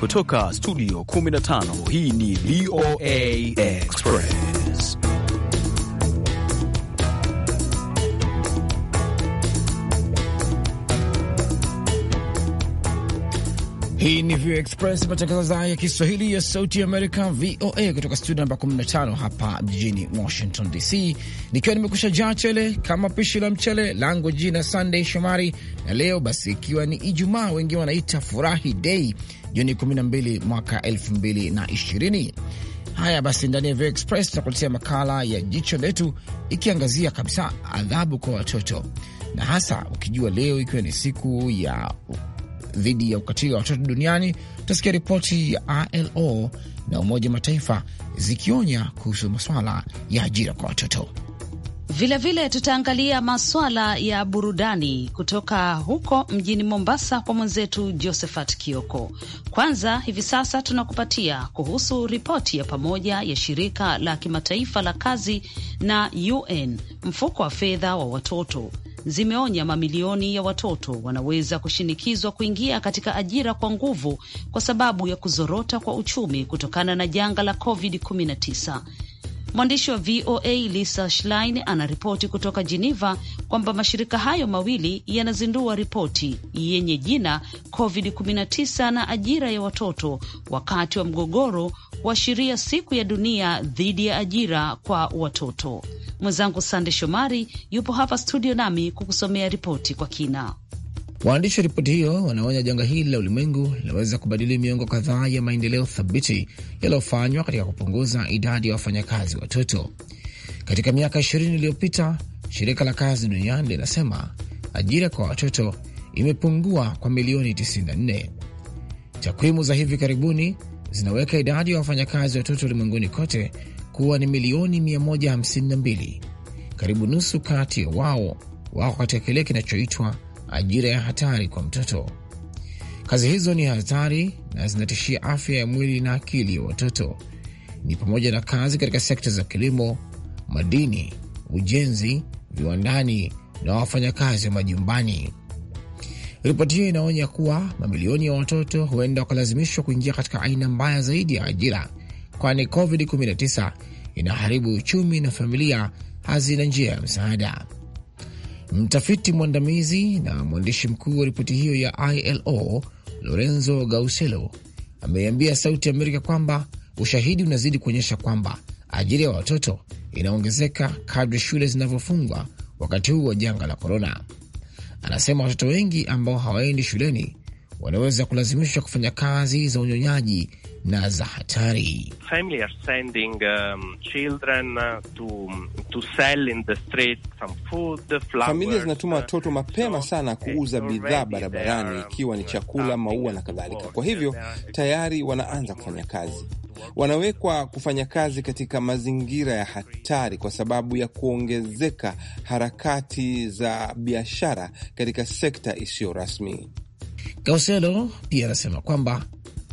Kutoka studio 15 hii ni VOA Express. Hii ni VOA Express, matangazo idhaa ya Kiswahili ya sauti ya Amerika, VOA kutoka studio namba 15 hapa jijini Washington DC, nikiwa nimekusha jaa chele kama pishi la mchele langu. Jina Sunday Shomari, na leo basi ikiwa ni Ijumaa, wengine wanaita furahi dei Juni 12 mwaka 2020. Haya basi, ndani ya VOA Express tunakuletea makala ya jicho letu ikiangazia kabisa adhabu kwa watoto, na hasa ukijua leo ikiwa ni siku ya dhidi ya ukatili wa watoto duniani, tutasikia ripoti ya ILO na Umoja Mataifa zikionya kuhusu masuala ya ajira kwa watoto. Vilevile tutaangalia maswala ya burudani kutoka huko mjini Mombasa kwa mwenzetu Josephat Kioko. Kwanza hivi sasa tunakupatia kuhusu ripoti ya pamoja ya shirika la kimataifa la kazi na UN, mfuko wa fedha wa watoto zimeonya mamilioni ya watoto wanaweza kushinikizwa kuingia katika ajira kwa nguvu kwa sababu ya kuzorota kwa uchumi kutokana na janga la COVID-19. Mwandishi wa VOA Lisa Schlein anaripoti kutoka Geneva kwamba mashirika hayo mawili yanazindua ripoti yenye jina COVID-19 na ajira ya watoto wakati wa mgogoro, kuashiria siku ya dunia dhidi ya ajira kwa watoto. Mwenzangu Sande Shomari yupo hapa studio nami kukusomea ripoti kwa kina. Waandishi wa ripoti hiyo wanaonya janga hili la ulimwengu linaweza kubadili miongo kadhaa ya maendeleo thabiti yaliyofanywa katika kupunguza idadi ya wafanyakazi watoto. Katika miaka 20 iliyopita, shirika la kazi duniani linasema ajira kwa watoto imepungua kwa milioni 94. Takwimu za hivi karibuni zinaweka idadi ya wafanyakazi watoto ulimwenguni kote kuwa ni milioni 152. Karibu nusu kati ya wao wako katika kile kinachoitwa ajira ya hatari kwa mtoto. Kazi hizo ni hatari na zinatishia afya ya mwili na akili ya watoto. Ni pamoja na kazi katika sekta za kilimo, madini, ujenzi, viwandani na wafanyakazi wa majumbani. Ripoti hiyo inaonya kuwa mamilioni ya watoto huenda wakalazimishwa kuingia katika aina mbaya zaidi ya ajira, kwani COVID-19 inaharibu uchumi na familia hazina njia ya msaada. Mtafiti mwandamizi na mwandishi mkuu wa ripoti hiyo ya ILO Lorenzo Gauselo ameiambia Sauti ya Amerika kwamba ushahidi unazidi kuonyesha kwamba ajira ya watoto inaongezeka kadri shule zinavyofungwa wakati huu wa janga la korona. Anasema watoto wengi ambao hawaendi shuleni wanaweza kulazimishwa kufanya kazi za unyonyaji na za hatari. Um, uh, Familia uh, zinatuma watoto mapema sana kuuza bidhaa barabarani, um, ikiwa ni chakula, maua na kadhalika. Kwa hivyo tayari wanaanza kufanya kazi, wanawekwa kufanya kazi katika mazingira ya hatari kwa sababu ya kuongezeka harakati za biashara katika sekta isiyo rasmi. Gauselo pia anasema kwamba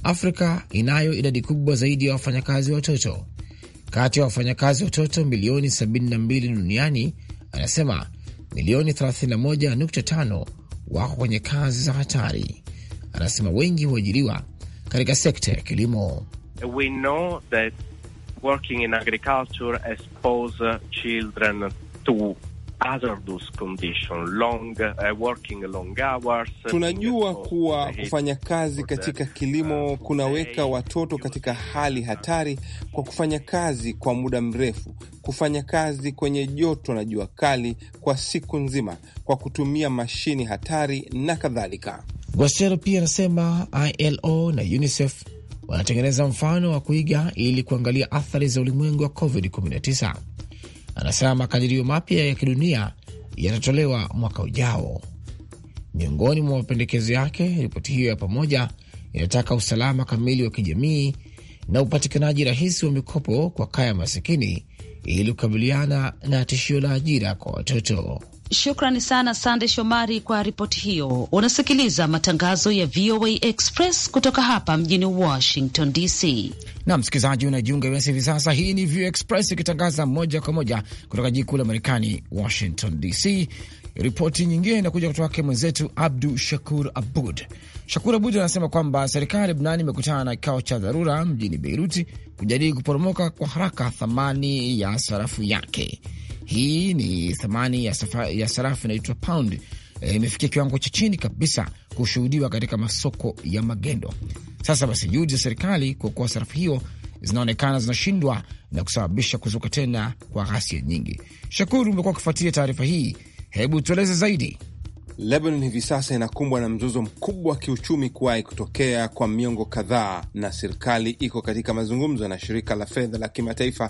Afrika inayo idadi kubwa zaidi ya wafanyakazi watoto. Kati ya wafanyakazi watoto milioni 72 duniani, anasema milioni 31.5 wako kwenye kazi za hatari. Anasema wengi huajiriwa katika sekta ya kilimo. We know that working in agriculture expose children to hazardous condition, long, uh, working long hours. Uh, Tunajua kuwa kufanya kazi katika kilimo uh, kunaweka watoto katika hali hatari kwa kufanya kazi kwa muda mrefu, kufanya kazi kwenye joto na jua kali kwa siku nzima, kwa kutumia mashini hatari na kadhalika. Gwasero pia anasema ILO na UNICEF wanatengeneza mfano wa kuiga ili kuangalia athari za ulimwengu wa COVID-19. Anasema makadirio mapya ya kidunia yatatolewa mwaka ujao. Miongoni mwa mapendekezo yake, ripoti hiyo ya pamoja inataka usalama kamili wa kijamii na upatikanaji rahisi wa mikopo kwa kaya masikini ili kukabiliana na tishio la ajira kwa watoto. Shukrani sana Sande Shomari kwa ripoti hiyo. Unasikiliza matangazo ya VOA Express kutoka hapa mjini Washington DC. Na msikilizaji, unajiunga nasi hivi sasa. Hii ni VOA Express ikitangaza moja kwa moja kutoka jiji kuu la Marekani, Washington DC. Ripoti nyingine inakuja kutoka kwake mwenzetu Abdu Shakur Abud Shakur Abud anasema kwamba serikali ya Lebnani imekutana na kikao cha dharura mjini Beiruti kujadili kuporomoka kwa haraka thamani ya sarafu yake. Hii ni thamani ya, ya sarafu inaitwa pound eh, imefikia e, kiwango cha chini kabisa kushuhudiwa katika masoko ya magendo. Sasa basi, juhudi za serikali kuokoa sarafu hiyo zinaonekana zinashindwa na kusababisha kuzuka tena kwa ghasia nyingi. Shakuru, umekuwa ukifuatilia taarifa hii, hebu tueleze zaidi. Lebanon hivi sasa inakumbwa na mzozo mkubwa wa kiuchumi kuwahi kutokea kwa miongo kadhaa, na serikali iko katika mazungumzo na shirika la fedha la kimataifa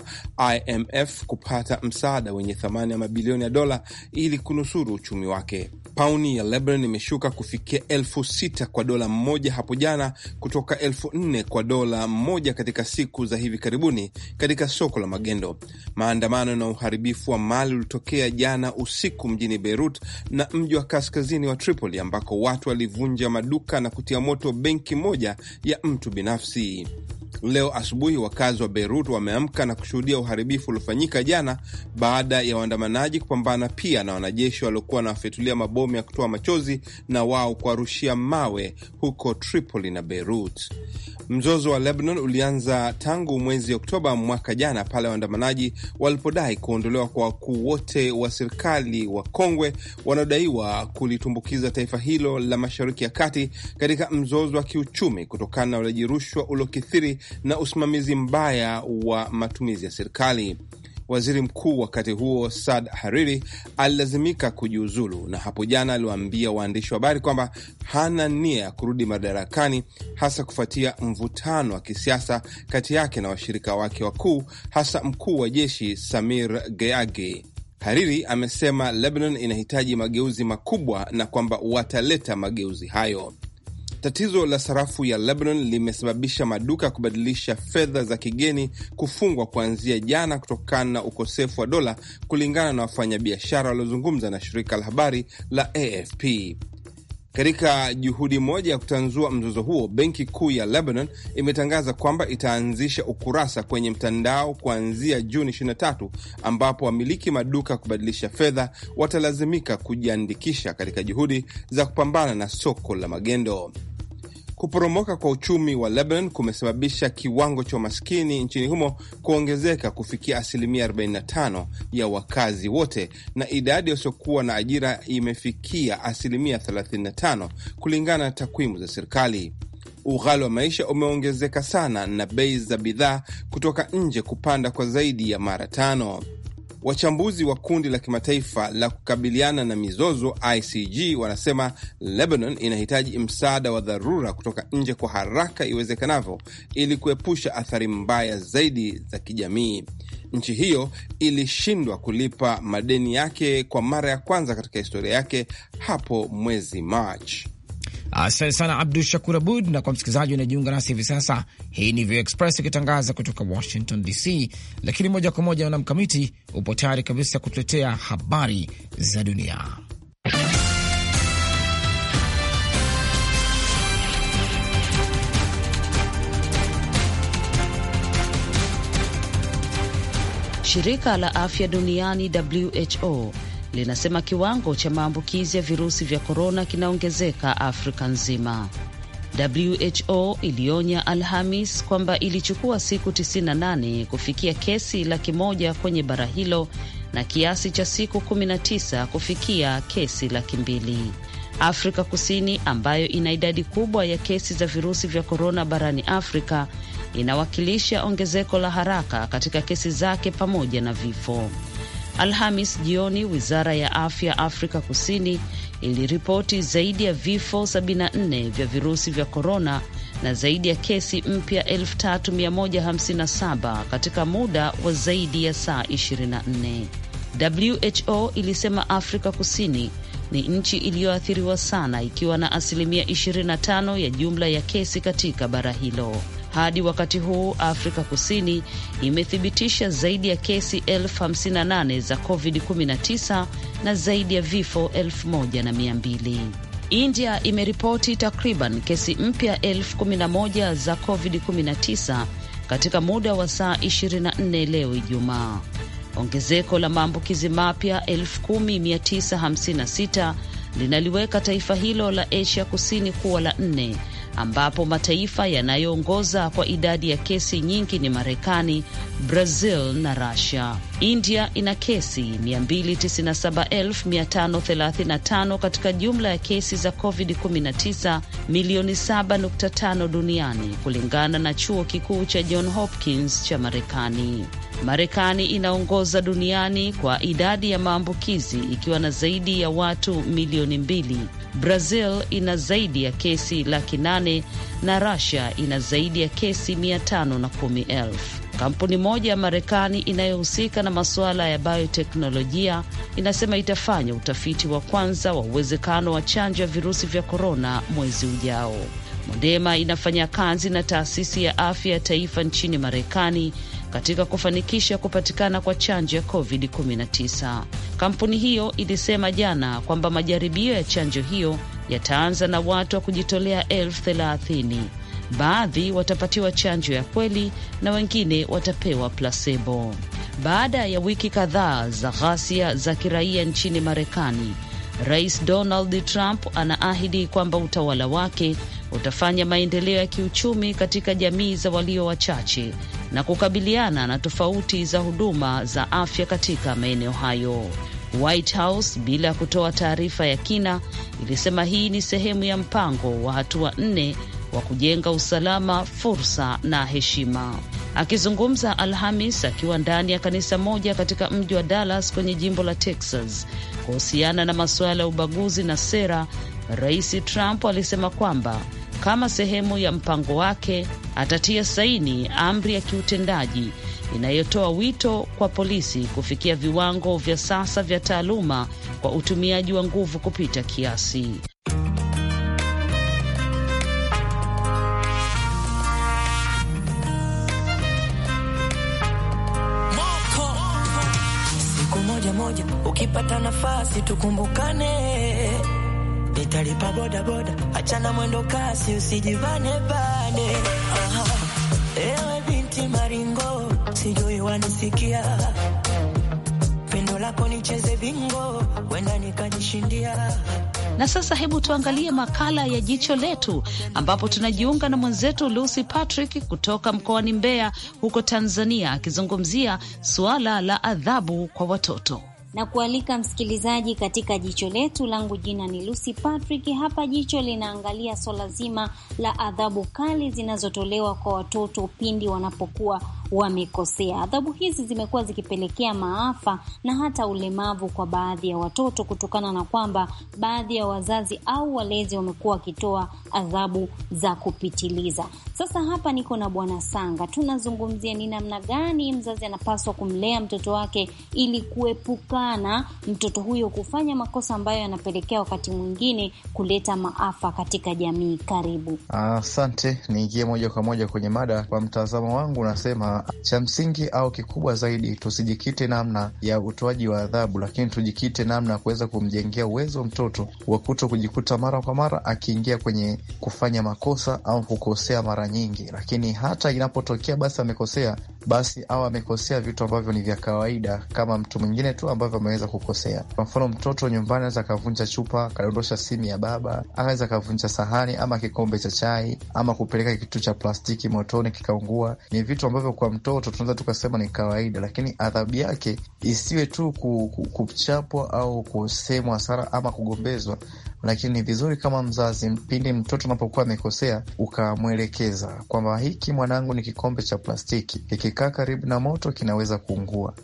IMF kupata msaada wenye thamani ya mabilioni ya dola ili kunusuru uchumi wake. Pauni ya Lebanon imeshuka kufikia elfu sita kwa dola mmoja hapo jana kutoka elfu nne kwa dola mmoja katika siku za hivi karibuni katika soko la magendo. Maandamano na uharibifu wa mali ulitokea jana usiku mjini Beirut na mji wa kaskazini kaskazini wa Tripoli ambako watu walivunja maduka na kutia moto benki moja ya mtu binafsi. Leo asubuhi wakazi wa Beirut wameamka na kushuhudia uharibifu uliofanyika jana baada ya waandamanaji kupambana pia na wanajeshi waliokuwa wanawafyatulia mabomu ya kutoa machozi na wao kuwarushia mawe huko Tripoli na Beirut. Mzozo wa Lebanon ulianza tangu mwezi Oktoba mwaka jana pale waandamanaji walipodai kuondolewa kwa wakuu wote wa serikali wa kongwe wanaodaiwa kulitumbukiza taifa hilo la Mashariki ya Kati katika mzozo wa kiuchumi kutokana na ulaji rushwa uliokithiri na usimamizi mbaya wa matumizi ya serikali. Waziri mkuu wakati huo Saad Hariri alilazimika kujiuzulu, na hapo jana aliwaambia waandishi wa habari kwamba hana nia ya kurudi madarakani, hasa kufuatia mvutano wa kisiasa kati yake na washirika wake wakuu, hasa mkuu wa jeshi Samir Geage. Hariri amesema Lebanon inahitaji mageuzi makubwa na kwamba wataleta mageuzi hayo. Tatizo la sarafu ya Lebanon limesababisha maduka ya kubadilisha fedha za kigeni kufungwa kuanzia jana kutokana na ukosefu wa dola, kulingana na wafanyabiashara waliozungumza na shirika la habari la AFP. Katika juhudi moja ya kutanzua mzozo huo, benki kuu ya Lebanon imetangaza kwamba itaanzisha ukurasa kwenye mtandao kuanzia Juni 23 ambapo wamiliki maduka ya kubadilisha fedha watalazimika kujiandikisha katika juhudi za kupambana na soko la magendo. Kuporomoka kwa uchumi wa Lebanon kumesababisha kiwango cha umaskini nchini humo kuongezeka kufikia asilimia 45 ya wakazi wote, na idadi wasiokuwa na ajira imefikia asilimia 35 kulingana na takwimu za serikali. Ughali wa maisha umeongezeka sana na bei za bidhaa kutoka nje kupanda kwa zaidi ya mara tano. Wachambuzi wa kundi la kimataifa la kukabiliana na mizozo ICG wanasema Lebanon inahitaji msaada wa dharura kutoka nje kwa haraka iwezekanavyo ili kuepusha athari mbaya zaidi za kijamii. Nchi hiyo ilishindwa kulipa madeni yake kwa mara ya kwanza katika historia yake hapo mwezi Machi. Asante sana Abdu Shakur Abud. Na kwa msikilizaji unajiunga nasi hivi sasa, hii ni VOA Express ikitangaza kutoka Washington DC, lakini moja kwa moja na Mkamiti upo tayari kabisa kutuletea habari za dunia. Shirika la afya duniani WHO linasema kiwango cha maambukizi ya virusi vya korona kinaongezeka Afrika nzima. WHO ilionya Alhamis kwamba ilichukua siku 98 kufikia kesi laki moja kwenye bara hilo na kiasi cha siku 19 kufikia kesi laki mbili. Afrika Kusini ambayo ina idadi kubwa ya kesi za virusi vya korona barani Afrika inawakilisha ongezeko la haraka katika kesi zake pamoja na vifo. Alhamis jioni, wizara ya afya Afrika Kusini iliripoti zaidi ya vifo 74 vya virusi vya korona na zaidi ya kesi mpya 3157 katika muda wa zaidi ya saa 24. WHO ilisema Afrika Kusini ni nchi iliyoathiriwa sana ikiwa na asilimia 25 ya jumla ya kesi katika bara hilo. Hadi wakati huu Afrika Kusini imethibitisha zaidi ya kesi elfu 58 za COVID-19 na zaidi ya vifo elfu India imeripoti takriban kesi mpya elfu 11 za COVID-19 katika muda wa saa 24 leo Ijumaa. Ongezeko la maambukizi mapya 10956 linaliweka taifa hilo la Asia Kusini kuwa la nne ambapo mataifa yanayoongoza kwa idadi ya kesi nyingi ni Marekani, Brazil na Russia. India ina kesi 297,535 katika jumla ya kesi za COVID-19 milioni 7.5 duniani kulingana na chuo kikuu cha John Hopkins cha Marekani. Marekani inaongoza duniani kwa idadi ya maambukizi ikiwa na zaidi ya watu milioni mbili. Brazil ina zaidi ya kesi laki nane na rasia ina zaidi ya kesi mia tano na kumi elfu. Kampuni moja ya Marekani inayohusika na masuala ya bioteknolojia inasema itafanya utafiti wa kwanza wa uwezekano wa chanjo ya virusi vya korona mwezi ujao. Modema inafanya kazi na taasisi ya afya ya taifa nchini Marekani katika kufanikisha kupatikana kwa chanjo ya COVID-19. Kampuni hiyo ilisema jana kwamba majaribio ya chanjo hiyo yataanza na watu wa kujitolea elfu thelathini. Baadhi watapatiwa chanjo ya kweli na wengine watapewa placebo. Baada ya wiki kadhaa za ghasia za kiraia nchini Marekani, Rais Donald Trump anaahidi kwamba utawala wake utafanya maendeleo ya kiuchumi katika jamii za walio wachache na kukabiliana na tofauti za huduma za afya katika maeneo hayo. White House bila ya kutoa taarifa ya kina ilisema hii ni sehemu ya mpango wa hatua nne wa kujenga usalama, fursa na heshima. Akizungumza Alhamis akiwa ndani ya kanisa moja katika mji wa Dallas kwenye jimbo la Texas kuhusiana na masuala ya ubaguzi na sera, Rais Trump alisema kwamba kama sehemu ya mpango wake atatia saini amri ya kiutendaji inayotoa wito kwa polisi kufikia viwango vya sasa vya taaluma kwa utumiaji wa nguvu kupita kiasi. Siku moja moja ukipata nafasi tukumbukane nitalipa bodaboda, achana mwendo kasi, usijibane bane. Aha, ewe binti maringo, sijui wanisikia, pendo lako nicheze bingo, wenda nikajishindia. Na sasa hebu tuangalie makala ya jicho letu, ambapo tunajiunga na mwenzetu Lucy Patrick kutoka mkoani Mbeya huko Tanzania, akizungumzia suala la adhabu kwa watoto na kualika msikilizaji katika jicho letu. Langu jina ni Lucy Patrick. Hapa jicho linaangalia swala zima la adhabu kali zinazotolewa kwa watoto pindi wanapokuwa wamekosea. Adhabu hizi zimekuwa zikipelekea maafa na hata ulemavu kwa baadhi ya watoto, kutokana na kwamba baadhi ya wazazi au walezi wamekuwa wakitoa adhabu za kupitiliza. Sasa hapa niko na Bwana Sanga, tunazungumzia ni namna gani mzazi anapaswa kumlea mtoto wake ili kuepuka sana mtoto huyo kufanya makosa ambayo yanapelekea wakati mwingine kuleta maafa katika jamii. Karibu. Asante, niingie moja kwa moja kwenye mada. Kwa mtazamo wangu, nasema cha msingi au kikubwa zaidi, tusijikite namna ya utoaji wa adhabu, lakini tujikite namna ya kuweza kumjengea uwezo mtoto wa kuto kujikuta mara kwa mara akiingia kwenye kufanya makosa au kukosea mara nyingi, lakini hata inapotokea basi amekosea basi au amekosea vitu ambavyo ni vya kawaida kama mtu mwingine tu ambavyo ameweza kukosea. Kwa mfano, mtoto nyumbani anaweza akavunja chupa, akadondosha simu ya baba, anaweza akavunja sahani ama kikombe cha chai, ama kupeleka kitu cha plastiki motoni kikaungua. Ni vitu ambavyo kwa mtoto tunaweza tukasema ni kawaida, lakini adhabu yake isiwe tu kuchapwa au kusemwa sara ama kugombezwa, lakini ni vizuri kama mzazi, pindi mtoto anapokuwa amekosea, ukamwelekeza kwamba hiki mwanangu, ni kikombe cha plastiki, kikikaa karibu na moto kinaweza kuungua,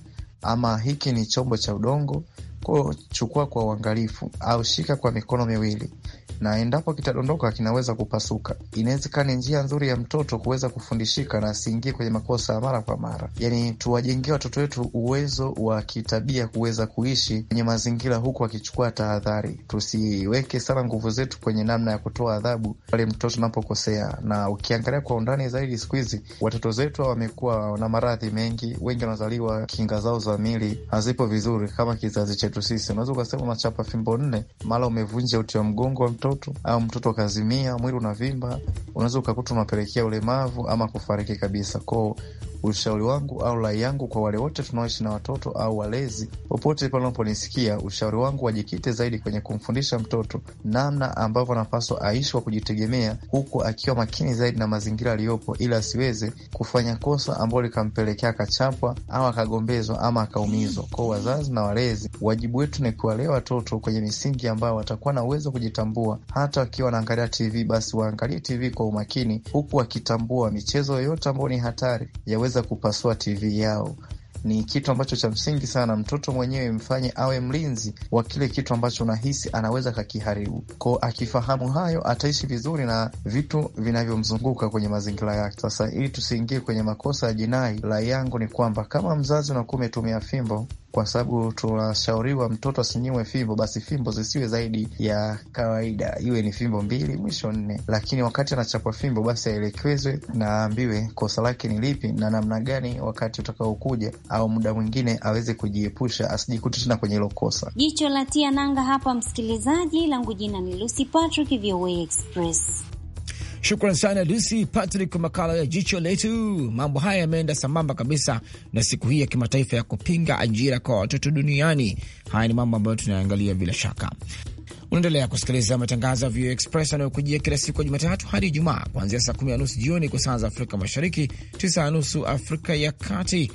ama hiki ni chombo cha udongo Ko, chukua kwa uangalifu au shika kwa mikono miwili, na endapo kitadondoka kinaweza kupasuka. Inawezekana ni njia nzuri ya mtoto kuweza kufundishika na asiingie kwenye makosa ya mara kwa mara, yani tuwajengee watoto wetu uwezo wa kitabia kuweza kuishi kwenye mazingira huku akichukua tahadhari. Tusiweke sana nguvu zetu kwenye namna ya kutoa adhabu pale mtoto unapokosea. Na ukiangalia kwa undani zaidi, siku hizi watoto zetu wamekuwa na maradhi mengi, wengi wanazaliwa kinga zao za mili hazipo vizuri kama kizazi chetu kwetu sisi. Unaweza ukasema unachapa fimbo nne, mara umevunja uti wa mgongo wa mtoto au mtoto ukazimia mwili unavimba, unaweza ukakuta unapelekea ulemavu ama kufariki kabisa kwao Ushauri wangu au rai yangu kwa wale wote tunaoishi na watoto au walezi, popote panaponisikia, ushauri wangu wajikite zaidi kwenye kumfundisha mtoto namna ambavyo anapaswa aishi kwa kujitegemea, huku akiwa makini zaidi na mazingira aliyopo, ili asiweze kufanya kosa ambayo likampelekea akachapwa au akagombezwa ama akaumizwa. Kwao wazazi na walezi, wajibu wetu ni kuwalea watoto kwenye misingi ambayo watakuwa na uwezo wa kujitambua. Hata wakiwa wanaangalia TV, basi waangalie TV kwa umakini, huku wakitambua michezo yoyote ambayo ni hatari yaweze kuweza kupasua TV yao ni kitu ambacho cha msingi sana. Mtoto mwenyewe mfanye awe mlinzi wa kile kitu ambacho unahisi anaweza kakiharibu. Ko, akifahamu hayo ataishi vizuri na vitu vinavyomzunguka kwenye mazingira yake. Sasa ili tusiingie kwenye makosa ya jinai, rai yangu ni kwamba kama mzazi unakuwa umetumia fimbo kwa sababu tunashauriwa mtoto asinyiwe fimbo, basi fimbo zisiwe zaidi ya kawaida, iwe ni fimbo mbili mwisho nne. Lakini wakati anachapwa fimbo, basi aelekezwe na aambiwe kosa lake ni lipi na namna gani wakati utakaokuja, au muda mwingine aweze kujiepusha, asijikute tena kwenye hilo kosa. Jicho la tia nanga hapa, msikilizaji langu, jina ni Lucy Patrick, VOA Express. Shukran sana Lucy Patrick kwa makala ya jicho letu. Mambo haya yameenda sambamba kabisa na siku hii ya kimataifa ya kupinga ajira kwa watoto duniani. Haya ni mambo ambayo tunaangalia bila shaka. Unaendelea kusikiliza matangazo ya VOA Express yanayokujia kila siku ya Jumatatu hadi Ijumaa, kuanzia saa kumi na nusu jioni kwa saa za Afrika Mashariki, tisa na nusu Afrika ya Kati.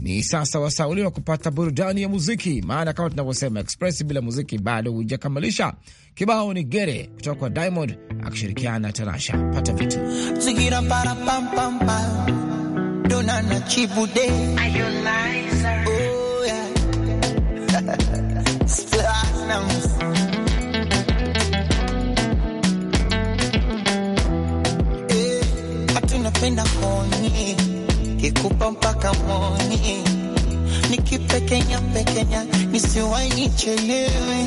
Ni sasa wasaa ule wa kupata burudani ya muziki, maana kama tunavyosema Express bila muziki bado hujakamilisha. Kibao ni gere kutoka kwa Diamond akishirikiana na Tanasha. Pata vitu kikupa mpaka nikipekenya pekenya, nisiwai nichelewe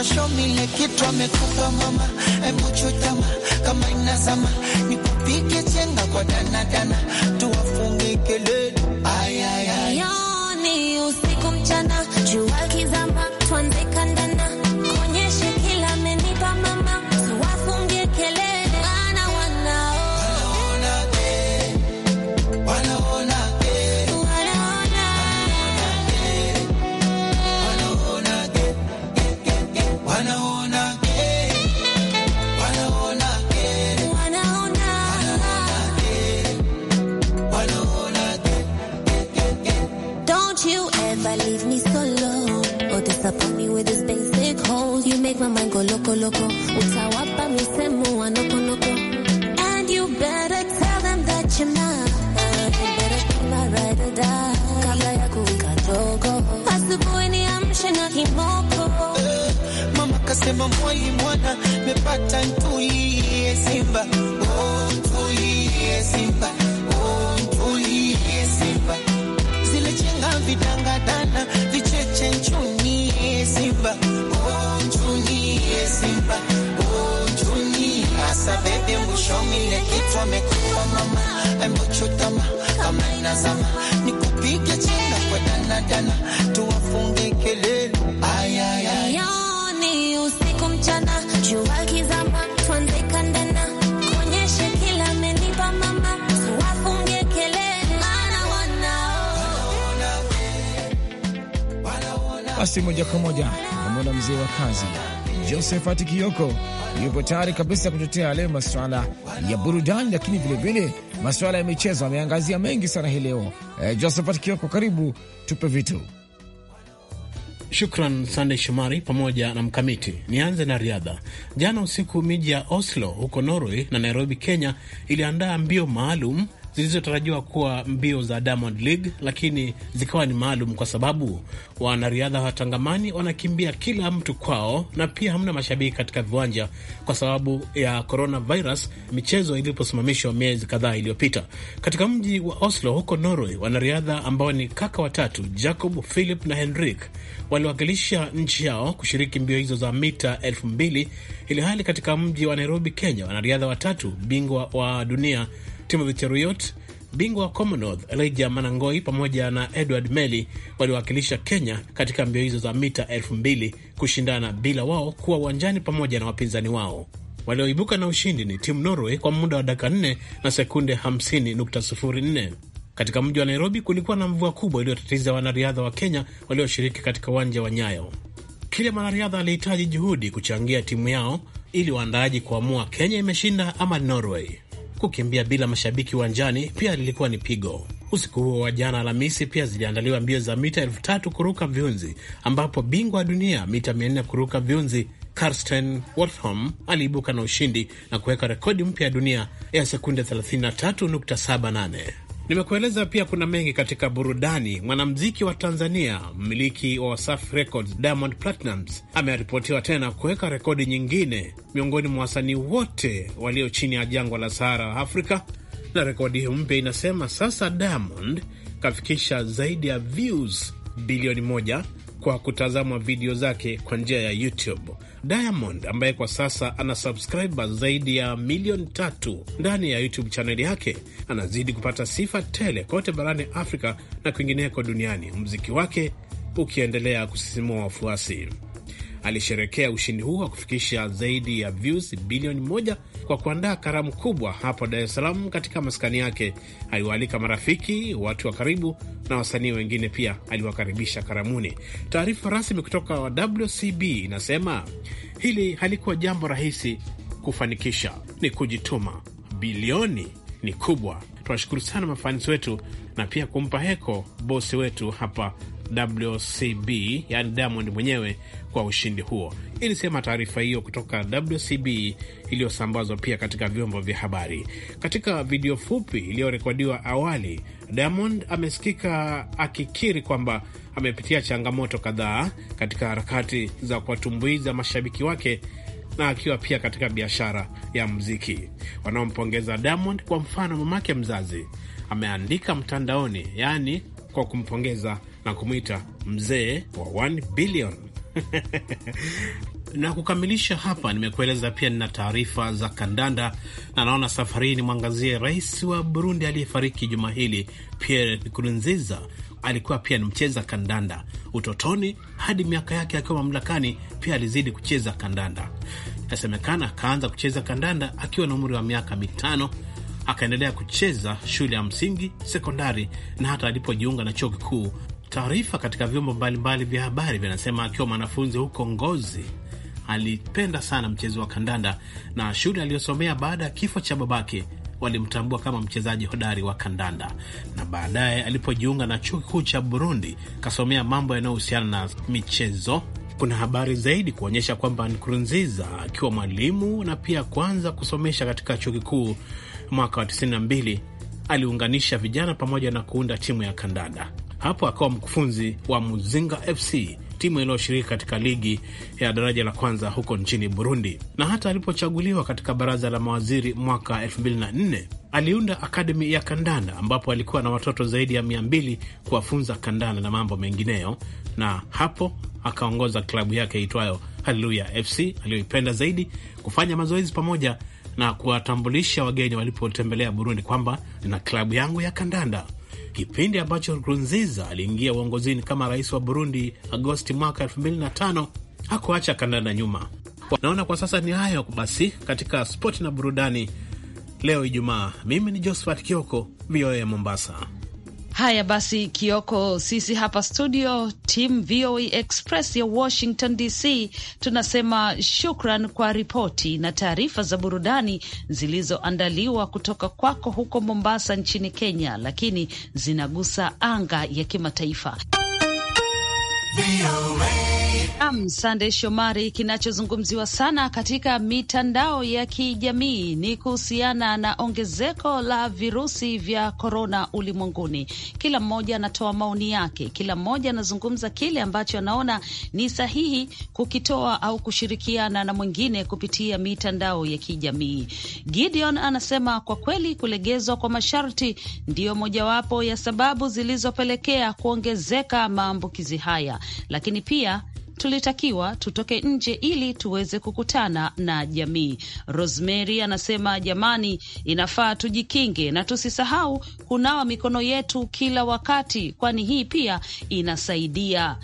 utashomi ile kitu amekupa mama, hebu chutama kama inazama, nikupike chenga kwa danadana tuwafunge kelele ayayay wanazama, nikupige chenga kwa tuwafunge kelele, Basi moja kwa moja namwona mzee wa kazi Josephat Kioko yupo tayari kabisa kutetea leo masuala ya burudani, lakini vilevile masuala ya michezo ameangazia mengi sana hii leo. Eh, Josephat Kioko, karibu tupe vitu. Shukran Sandey Shomari pamoja na Mkamiti. Nianze na riadha. Jana usiku, miji ya Oslo huko Norway na Nairobi, Kenya, iliandaa mbio maalum zilizotarajiwa kuwa mbio za Diamond League, lakini zikawa ni maalum kwa sababu wanariadha watangamani wanakimbia kila mtu kwao, na pia hamna mashabiki katika viwanja kwa sababu ya coronavirus, michezo iliposimamishwa miezi kadhaa iliyopita. Katika mji wa Oslo huko Norway, wanariadha ambao ni kaka watatu Jacob, Philip na Henrik waliwakilisha nchi yao kushiriki mbio hizo za mita elfu mbili ili hali katika mji wa Nairobi, Kenya, wanariadha watatu bingwa wa dunia Timothy Cheruyot, bingwa wa Commonwealth Elijah Manangoi pamoja na Edward Meli waliwakilisha Kenya katika mbio hizo za mita elfu mbili kushindana bila wao kuwa uwanjani pamoja na wapinzani wao. Walioibuka na ushindi ni timu Norway kwa muda wa dakika 4 na sekunde 50.04. Katika mji wa Nairobi kulikuwa na mvua kubwa iliyotatiza wanariadha wa Kenya walioshiriki katika uwanja wa Nyayo. Kila mwanariadha alihitaji juhudi kuchangia timu yao ili waandaaji kuamua Kenya imeshinda ama Norway. Kukimbia bila mashabiki uwanjani pia lilikuwa ni pigo. Usiku huo wa jana Alhamisi pia ziliandaliwa mbio za mita elfu tatu kuruka viunzi ambapo bingwa wa dunia mita mia nne kuruka viunzi Karsten Wortham aliibuka na ushindi na kuweka rekodi mpya ya dunia ya sekunde 33.78. Nimekueleza pia kuna mengi katika burudani. Mwanamziki wa Tanzania, mmiliki wa Wasafi Records Diamond Platnumz ameripotiwa tena kuweka rekodi nyingine miongoni mwa wasanii wote walio chini ya jangwa la Sahara Afrika, na rekodi hiyo mpya inasema sasa Diamond kafikisha zaidi ya views bilioni moja kwa kutazama video zake kwa njia ya YouTube. Diamond ambaye kwa sasa ana subscriber zaidi ya milioni tatu ndani ya YouTube chaneli yake anazidi kupata sifa tele kote barani Afrika na kwingineko duniani, mziki wake ukiendelea kusisimua wafuasi alisherekea ushindi huo wa kufikisha zaidi ya views bilioni moja kwa kuandaa karamu kubwa hapo Dar es Salaam katika maskani yake. Aliwaalika marafiki, watu wa karibu na wasanii wengine pia aliwakaribisha karamuni. Taarifa rasmi kutoka WCB inasema hili halikuwa jambo rahisi kufanikisha, ni kujituma. Bilioni ni kubwa. Tunashukuru sana mafanisi wetu na pia kumpa heko bosi wetu hapa WCB, yani Diamond mwenyewe kwa ushindi huo, ilisema taarifa hiyo kutoka WCB iliyosambazwa pia katika vyombo vya habari. Katika video fupi iliyorekodiwa awali, Diamond amesikika akikiri kwamba amepitia changamoto kadhaa katika harakati za kuwatumbuiza mashabiki wake na akiwa pia katika biashara ya mziki Wanaompongeza Diamond, kwa mfano, mamake mzazi ameandika mtandaoni, yaani kwa kumpongeza na kumwita mzee wa 1 na kukamilisha hapa, nimekueleza pia nina taarifa za kandanda, na naona safari hii nimwangazie rais wa Burundi aliyefariki juma hili, Pierre Nkurunziza. Alikuwa pia ni mcheza kandanda utotoni, hadi miaka yake akiwa mamlakani pia alizidi kucheza kandanda. Inasemekana akaanza kucheza kandanda akiwa na umri wa miaka mitano akaendelea kucheza shule ya msingi, sekondari na hata alipojiunga na chuo kikuu. Taarifa katika vyombo mbalimbali vya habari vinasema akiwa mwanafunzi huko Ngozi alipenda sana mchezo wa kandanda na shule aliyosomea baada ya kifo cha babake walimtambua kama mchezaji hodari wa kandanda. Na baadaye alipojiunga na chuo kikuu cha Burundi kasomea mambo yanayohusiana na michezo. Kuna habari zaidi kuonyesha kwamba Nkurunziza akiwa mwalimu na pia kuanza kusomesha katika chuo kikuu mwaka wa 92 aliunganisha vijana pamoja na kuunda timu ya kandanda. Hapo akawa mkufunzi wa Muzinga FC, timu iliyoshiriki katika ligi ya daraja la kwanza huko nchini Burundi. Na hata alipochaguliwa katika baraza la mawaziri mwaka 2004 aliunda akademi ya kandanda ambapo alikuwa na watoto zaidi ya 200 kuwafunza kandanda na mambo mengineyo, na hapo akaongoza klabu yake iitwayo Haleluya FC aliyoipenda zaidi, kufanya mazoezi pamoja na kuwatambulisha wageni walipotembelea Burundi kwamba nina klabu yangu ya kandanda, kipindi ambacho Nkurunziza aliingia uongozini kama rais wa Burundi Agosti mwaka 2005 hakuacha kandanda nyuma. Naona kwa sasa ni hayo basi katika spoti na burudani leo Ijumaa. Mimi ni Josephat Kioko, VOA Mombasa. Haya basi, Kioko, sisi hapa studio tim VOA e Express ya Washington DC tunasema shukran kwa ripoti na taarifa za burudani zilizoandaliwa kutoka kwako huko Mombasa nchini Kenya, lakini zinagusa anga ya kimataifa. Naam, Sande Shomari, kinachozungumziwa sana katika mitandao ya kijamii ni kuhusiana na ongezeko la virusi vya korona ulimwenguni. Kila mmoja anatoa maoni yake, kila mmoja anazungumza kile ambacho anaona ni sahihi kukitoa au kushirikiana na mwingine kupitia mitandao ya kijamii. Gideon anasema kwa kweli, kulegezwa kwa masharti ndiyo mojawapo ya sababu zilizopelekea kuongezeka maambukizi haya, lakini pia tulitakiwa tutoke nje ili tuweze kukutana na jamii. Rosemary anasema jamani, inafaa tujikinge na tusisahau kunawa mikono yetu kila wakati, kwani hii pia inasaidia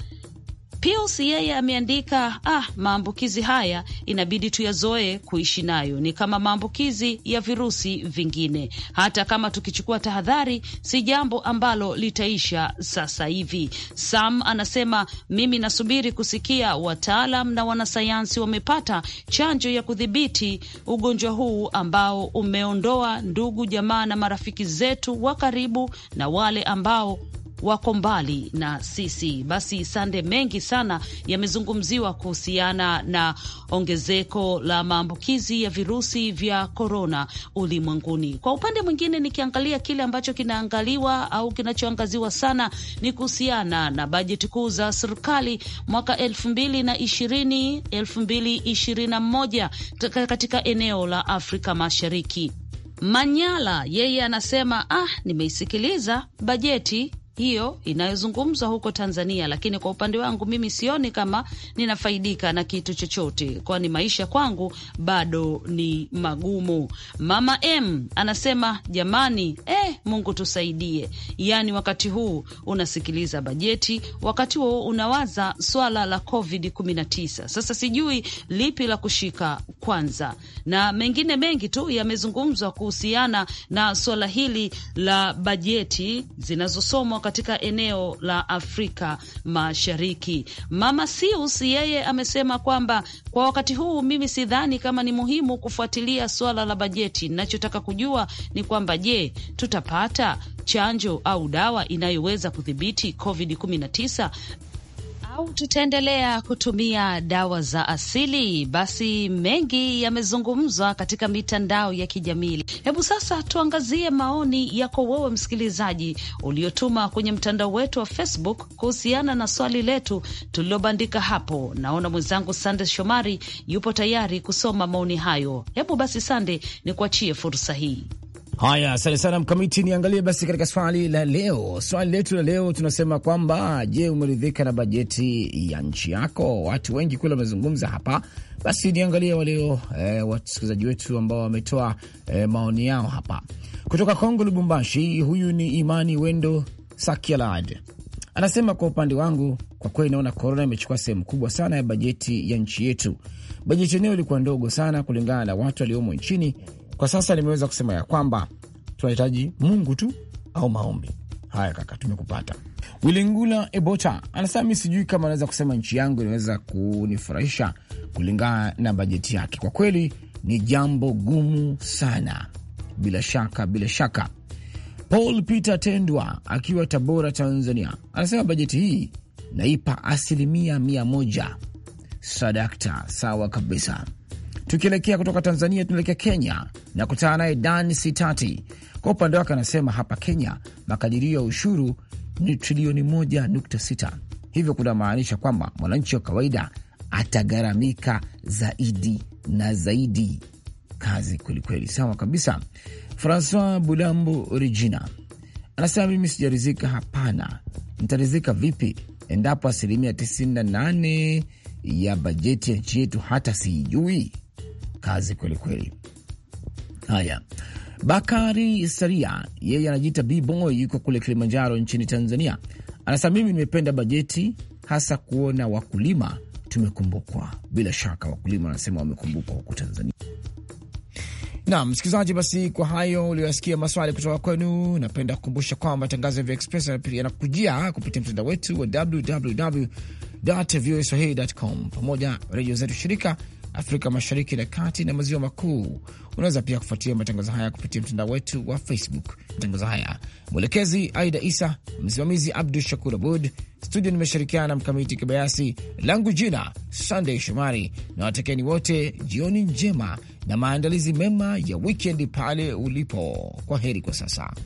Pius yeye ameandika ah, maambukizi haya inabidi tuyazoee kuishi nayo, ni kama maambukizi ya virusi vingine. Hata kama tukichukua tahadhari, si jambo ambalo litaisha sasa hivi. Sam anasema mimi nasubiri kusikia wataalam na wanasayansi wamepata chanjo ya kudhibiti ugonjwa huu ambao umeondoa ndugu, jamaa na marafiki zetu wa karibu na wale ambao wako mbali na sisi. Basi sande, mengi sana yamezungumziwa kuhusiana na ongezeko la maambukizi ya virusi vya korona ulimwenguni. Kwa upande mwingine, nikiangalia kile ambacho kinaangaliwa au kinachoangaziwa sana ni kuhusiana na bajeti kuu za serikali mwaka elfu mbili na ishirini elfu mbili ishirini na moja katika eneo la Afrika Mashariki. Manyala yeye anasema ah, nimeisikiliza bajeti hiyo inayozungumzwa huko Tanzania, lakini kwa upande wangu mimi sioni kama ninafaidika na kitu chochote, kwani maisha kwangu bado ni magumu. Mama M anasema jamani, e, Mungu tusaidie. Yaani wakati huu unasikiliza bajeti, wakati huo unawaza swala la Covid 19. Sasa sijui lipi la kushika kwanza, na mengine mengi tu yamezungumzwa kuhusiana na swala hili la bajeti zinazosomwa katika eneo la Afrika Mashariki. Mama Sius yeye amesema kwamba kwa wakati huu mimi sidhani kama ni muhimu kufuatilia swala la bajeti. Nachotaka kujua ni kwamba je, tutapa hata chanjo au dawa inayoweza kudhibiti COVID-19 au tutaendelea kutumia dawa za asili? Basi mengi yamezungumzwa katika mitandao ya kijamii. Hebu sasa tuangazie maoni yako wewe msikilizaji uliotuma kwenye mtandao wetu wa Facebook kuhusiana na swali letu tulilobandika hapo. Naona mwenzangu Sande Shomari yupo tayari kusoma maoni hayo. Hebu basi Sande, nikuachie fursa hii. Haya, asante sana Mkamiti. Niangalie basi katika swali la leo. Swali letu la leo tunasema kwamba je, umeridhika na bajeti ya nchi yako? Watu wengi kule wamezungumza hapa, basi niangalie waleo eh, wasikilizaji wetu ambao wametoa eh, maoni yao hapa. Kutoka Kongo, Lubumbashi, huyu ni Imani Wendo Sakialad anasema kwa upande wangu, kwa kweli naona korona imechukua sehemu kubwa sana ya bajeti ya nchi yetu. Bajeti yenyewe ilikuwa ndogo sana kulingana na watu waliomo nchini kwa sasa nimeweza kusema ya kwamba tunahitaji Mungu tu au maombi. Haya kaka, tumekupata. Wilingula Ebota anasema mi sijui kama anaweza kusema nchi yangu inaweza kunifurahisha kulingana na bajeti yake. Kwa kweli ni jambo gumu sana, bila shaka, bila shaka. Paul Peter Tendwa akiwa Tabora, Tanzania anasema bajeti hii naipa asilimia mia moja. Sadakta, sawa kabisa. Tukielekea kutoka Tanzania tunaelekea Kenya na kutana naye Dan Sitati. Kwa upande wake anasema hapa Kenya makadirio ya ushuru ni trilioni 1.6, hivyo kunamaanisha kwamba mwananchi wa kawaida atagharamika zaidi na zaidi. Kazi kwelikweli, sawa kabisa. Francois Bulambo Regina anasema mimi sijarizika. Hapana, nitarizika vipi endapo asilimia 98 ya bajeti ya nchi yetu hata siijui? kazi kwelikweli. Haya, Bakari Saria yeye anajiita B-boy, yuko kule Kilimanjaro nchini Tanzania, anasema mimi nimependa bajeti hasa kuona wakulima tumekumbukwa. Bila shaka wakulima wanasema wamekumbukwa huku Tanzania. Na msikilizaji, basi kwa hayo ulioasikia maswali kutoka kwenu, napenda kukumbusha kwamba matangazo ya Vio Express yanakujia kupitia mtandao wetu wa www voaswahili com pamoja redio zetu shirika Afrika Mashariki na Kati na Maziwa Makuu. Unaweza pia kufuatia matangazo haya kupitia mtandao wetu wa Facebook. Matangazo haya mwelekezi Aida Isa, msimamizi Abdu Shakur Abud. Studio nimeshirikiana na Mkamiti Kibayasi, langu jina Sandey Shomari na watekeni wote, jioni njema na maandalizi mema ya wikendi pale ulipo. Kwa heri kwa sasa.